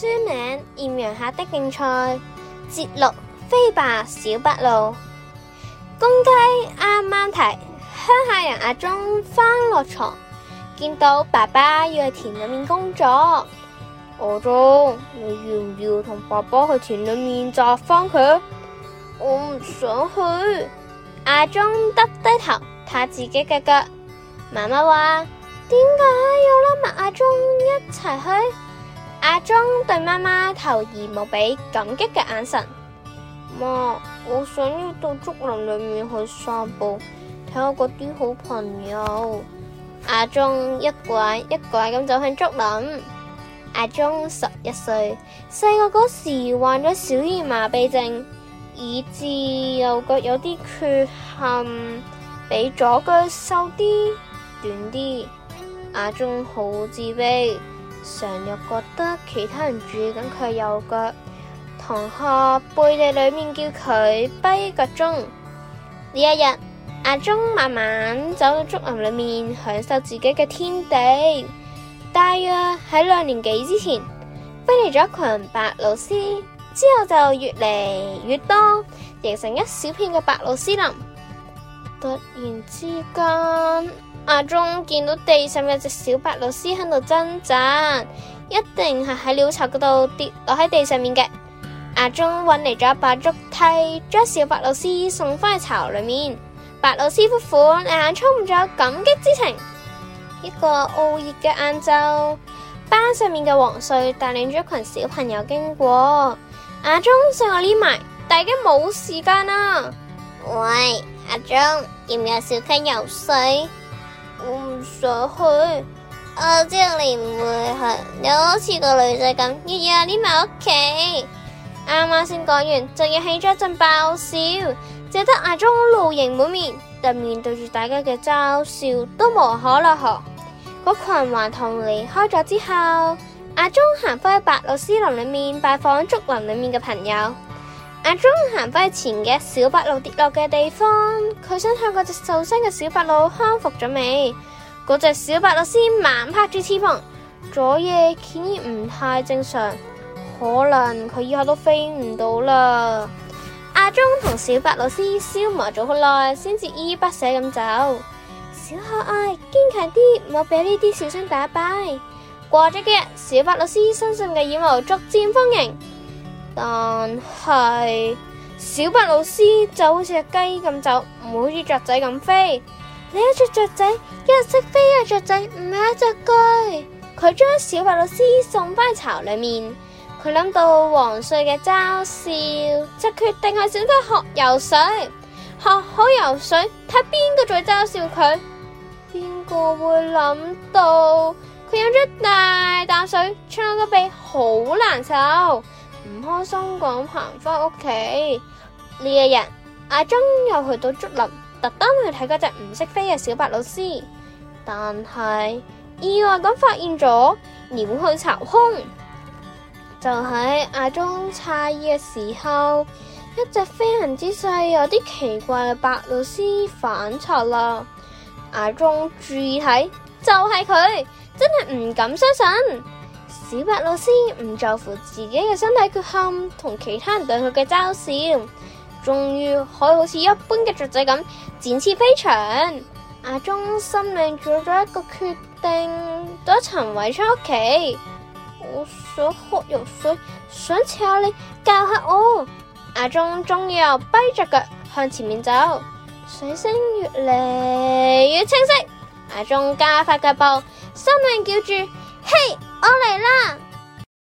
書名《艷陽下的競賽》節，節錄《飛吧小白鷺》。公雞啱啱啼鄉下人阿忠翻落床，見到爸爸要喺田裏面工作，阿忠，你要唔要同爸爸去田裏面摘返佢？我唔想去。阿忠耷低,低頭，睇自己嘅腳。媽媽話：點解要拉埋阿忠一齊去？阿忠對媽媽投而無比感激嘅眼神。媽，我想要到竹林裏面去散步，睇下嗰啲好朋友。阿忠一拐一拐咁走向竹林。阿忠十一歲，細個嗰時患咗小兒麻痹症，以致右腳有啲缺陷，比左腳瘦啲、短啲。阿忠好自卑。常日覺得其他人注意緊佢右腳，同學背地裏面叫佢跛腳鍾。呢一日，阿、啊、鍾慢慢走到竹林裏面，享受自己嘅天地。大約喺兩年幾之前，飛嚟咗一群白鷺鷥，之後就越嚟越多，形成一小片嘅白鷺鷥林。突然之間。阿忠見到地上有隻小白鷺喺度掙扎，一定係喺鳥巢嗰度跌落喺地上面嘅。阿忠搵嚟咗一把竹梯，將小白鷺送返去巢裏面。白鷺夫婦眼充滿咗感激之情。一個酷熱嘅晏晝，班上面嘅黃穗帶領咗一群小朋友經過。阿忠想我匿埋，大家冇時間啊！喂，阿忠，要唔要小溪游水？我唔想去，我知道你唔會去，你好似個女仔咁日日匿埋屋企。啱啱先講完，就要起咗一陣爆笑，只得阿忠露營滿面，但面對住大家嘅嘲笑都無可奈何。嗰群頑童離開咗之後，阿忠行返去白鷺鷥林裏面拜訪竹林裏面嘅朋友。阿鍾行返去前嘅小白鷺跌落嘅地方，佢想向嗰隻受傷嘅小白鷺康復咗未？嗰隻小白鷺猛拍住翅膀，左翼顯然唔太正常，可能佢以後都飛唔到啦。阿鍾同小白鷺消磨咗好耐，先至依依不捨咁走。小可愛，堅強啲，唔好畀呢啲小傷打敗。過咗幾日，小白鷺身上嘅羽毛逐漸豐盈。但係小白老師就好似隻雞咁走，唔好似雀仔咁飛。你一隻雀仔，一日識飛嘅雀仔，唔係一隻雞。佢將小白老師送翻巢裏面，佢諗到黃帥嘅嘲笑，就決定去選擇學游水，學好游水睇邊個再嘲笑佢。邊個會諗到佢飲咗大啖水，唱落鼻好難受。唔開心咁行返屋企。呢一日，阿忠又去到竹林，特登去睇嗰隻唔識飛嘅小白鷺，但係意外咁發現咗鳥去巢空，就喺、是、阿忠詫異嘅時候，一隻飛行姿勢有啲奇怪嘅白鷺返巢啦，阿忠注意睇，就係、是、佢，真係唔敢相信。小白鷺唔在乎自己嘅身體缺陷，同其他人對佢嘅嘲笑，終於可以好似一般嘅雀仔咁展翅飛翔。阿忠生命做咗一個決定，帶陳偉出屋企。我想喝藥水，想請教你教下我。阿忠終於又跛着腳向前面走，水聲越嚟越清晰。阿忠加快腳步，生命叫住：嘿！我嚟啦！